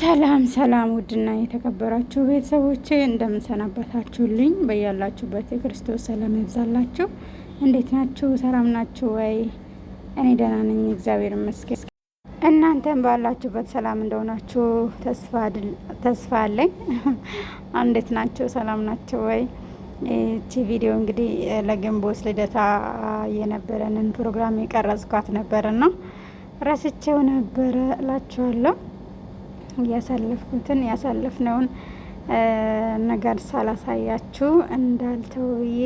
ሰላም ሰላም ውድና የተከበራችሁ ቤተሰቦቼ እንደምንሰናበታችሁልኝ በያላችሁበት የክርስቶስ ሰላም ይብዛላችሁ። እንዴት ናችሁ? ሰላም ናችሁ ወይ? እኔ ደህና ነኝ፣ እግዚአብሔር ይመስገን። እናንተም ባላችሁበት ሰላም እንደሆናችሁ ተስፋ አለኝ። እንዴት ናችሁ? ሰላም ናችሁ ወይ? ይቺ ቪዲዮ እንግዲህ ለግንቦት ልደታ የነበረንን ፕሮግራም የቀረጽኳት ነው ረስቼው ነበረ እላችኋለሁ። እያሳለፍኩትን ያሳለፍነውን ነገር ሳላሳያችሁ እንዳልተው ብዬ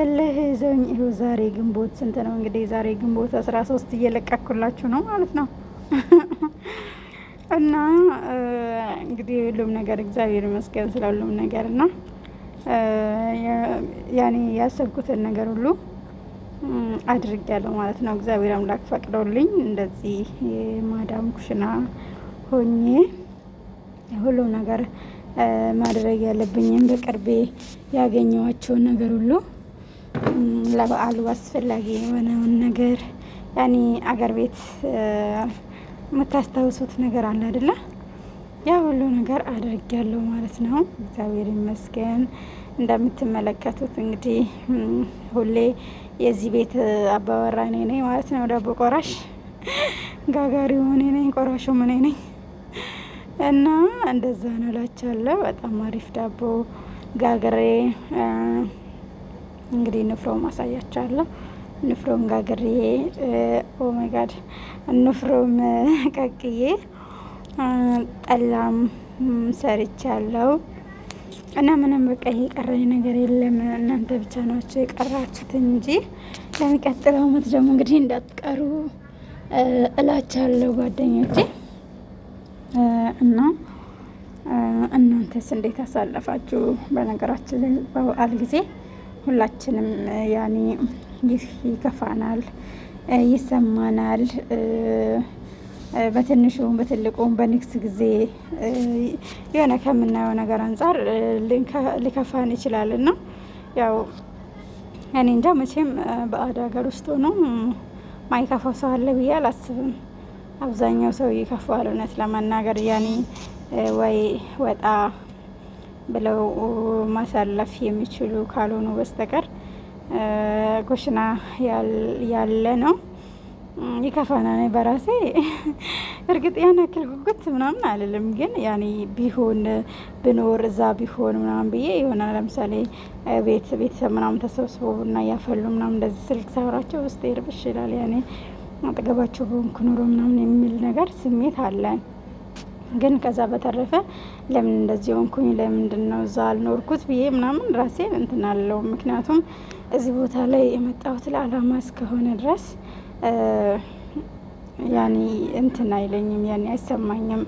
እልህ ይዘኝ ይኸው ዛሬ ግንቦት ስንት ነው እንግዲህ ዛሬ ግንቦት አስራ ሶስት እየለቀኩላችሁ ነው ማለት ነው። እና እንግዲህ ሁሉም ነገር እግዚአብሔር ይመስገን ስለ ሁሉም ነገር ና ያኔ ያሰብኩትን ነገር ሁሉ አድርጌያለሁ ማለት ነው። እግዚአብሔር አምላክ ፈቅዶልኝ እንደዚህ ማዳም ኩሽና ሆኜ ሁሉ ነገር ማድረግ ያለብኝም በቅርቤ ያገኘኋቸውን ነገር ሁሉ ለበዓሉ አስፈላጊ የሆነውን ነገር ያኔ አገር ቤት የምታስታውሱት ነገር አለ አይደለ? ያ ሁሉ ነገር አድርጌያለሁ ማለት ነው። እግዚአብሔር ይመስገን። እንደምትመለከቱት እንግዲህ ሁሌ የዚህ ቤት አባወራ እኔ ነኝ ማለት ነው። ዳቦ ቆራሽ፣ ጋጋሪው እኔ ነኝ፣ ቆራሹም እኔ ነኝ። እና እንደዛ ነው እላችኋለሁ። በጣም አሪፍ ዳቦ ጋግሬ እንግዲህ ንፍሮ ማሳያችኋለሁ። ንፍሮም ጋግሬ ኦማይጋድ ንፍሮም ቀቅዬ ጠላም ሰርቻለሁ እና ምንም በቃ የቀረኝ ነገር የለም። እናንተ ብቻ ናችሁ የቀራችሁት እንጂ ለሚቀጥለው ዓመት ደግሞ እንግዲህ እንዳትቀሩ እላቻለሁ ጓደኞቼ። እና እናንተስ እንዴት አሳለፋችሁ? በነገራችን ላይ በበዓል ጊዜ ሁላችንም ያኔ ይህ ይከፋናል፣ ይሰማናል። በትንሹም በትልቁም በንግስ ጊዜ የሆነ ከምናየው ነገር አንጻር ሊከፋን ይችላል እና ያው እኔ እንጃ መቼም በአድ ሀገር ውስጥ ሆኖ ማይከፋው ሰው አለ ብዬ አላስብም። አብዛኛው ሰው ይከፋዋል። እውነት ለመናገር ያኔ ወይ ወጣ ብለው ማሳለፍ የሚችሉ ካልሆኑ በስተቀር ኩሽና ያለ ነው ይከፋናል። በራሴ እርግጥ ያን ያክል ጉጉት ምናምን አልልም፣ ግን ያኔ ቢሆን ብኖር እዛ ቢሆን ምናምን ብዬ የሆነ ለምሳሌ ቤት ቤተሰብ ምናምን ተሰብስቦ ቡና እያፈሉ ምናምን እንደዚህ ስልክ ሳወራቸው ውስጥ ይርብሽ ይላል ያኔ አጠገባቸው በሆንኩ ኖሮ ምናምን የሚል ነገር ስሜት አለን። ግን ከዛ በተረፈ ለምን እንደዚህ ሆንኩኝ፣ ለምንድን ነው እዛ አልኖርኩት ብዬ ምናምን ራሴን እንትናለው። ምክንያቱም እዚህ ቦታ ላይ የመጣሁት ለአላማ እስከሆነ ድረስ ያኔ እንትን አይለኝም፣ ያኔ አይሰማኝም፣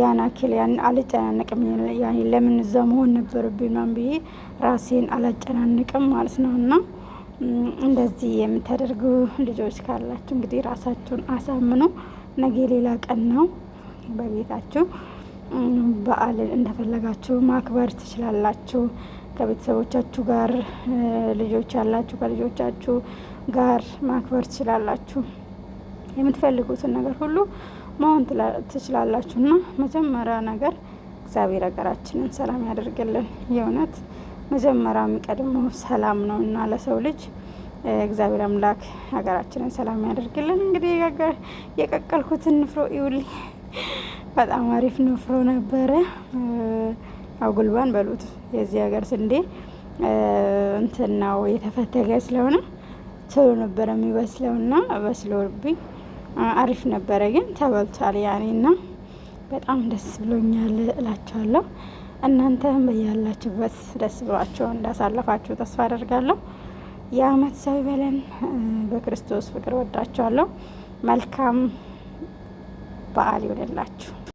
ያን አኪል ያን አልጨናነቅም፣ ለምን እዛ መሆን ነበረብኝ ምናምን ብዬ ራሴን አላጨናንቅም ማለት ነው እና እንደዚህ የምታደርጉ ልጆች ካላችሁ እንግዲህ ራሳችሁን አሳምኑ። ነገ ሌላ ቀን ነው። በቤታችሁ በዓልን እንደፈለጋችሁ ማክበር ትችላላችሁ። ከቤተሰቦቻችሁ ጋር ልጆች ያላችሁ ከልጆቻችሁ ጋር ማክበር ትችላላችሁ። የምትፈልጉትን ነገር ሁሉ መሆን ትችላላችሁ እና መጀመሪያ ነገር እግዚአብሔር ሀገራችንን ሰላም ያደርግልን የእውነት መጀመሪያ የሚቀድመው ሰላም ነው እና ለሰው ልጅ እግዚአብሔር አምላክ ሀገራችንን ሰላም ያደርግልን። እንግዲህ የቀቀልኩትን ንፍሮ ይውል በጣም አሪፍ ንፍሮ ነበረ። ያው ጉልባን በሉት የዚህ ሀገር ስንዴ እንትን ነው የተፈተገ ስለሆነ ቶሎ ነበረ የሚበስለውና በስሎብኝ አሪፍ ነበረ፣ ግን ተበልቷል ያኔ እና በጣም ደስ ብሎኛል እላቸዋለሁ። እናንተም በያላችሁበት ደስ ብሏቸው እንዳሳለፋችሁ ተስፋ አደርጋለሁ። የአመት ሰው ይበለን። በክርስቶስ ፍቅር ወዳችኋለሁ። መልካም በዓል ይሆንላችሁ።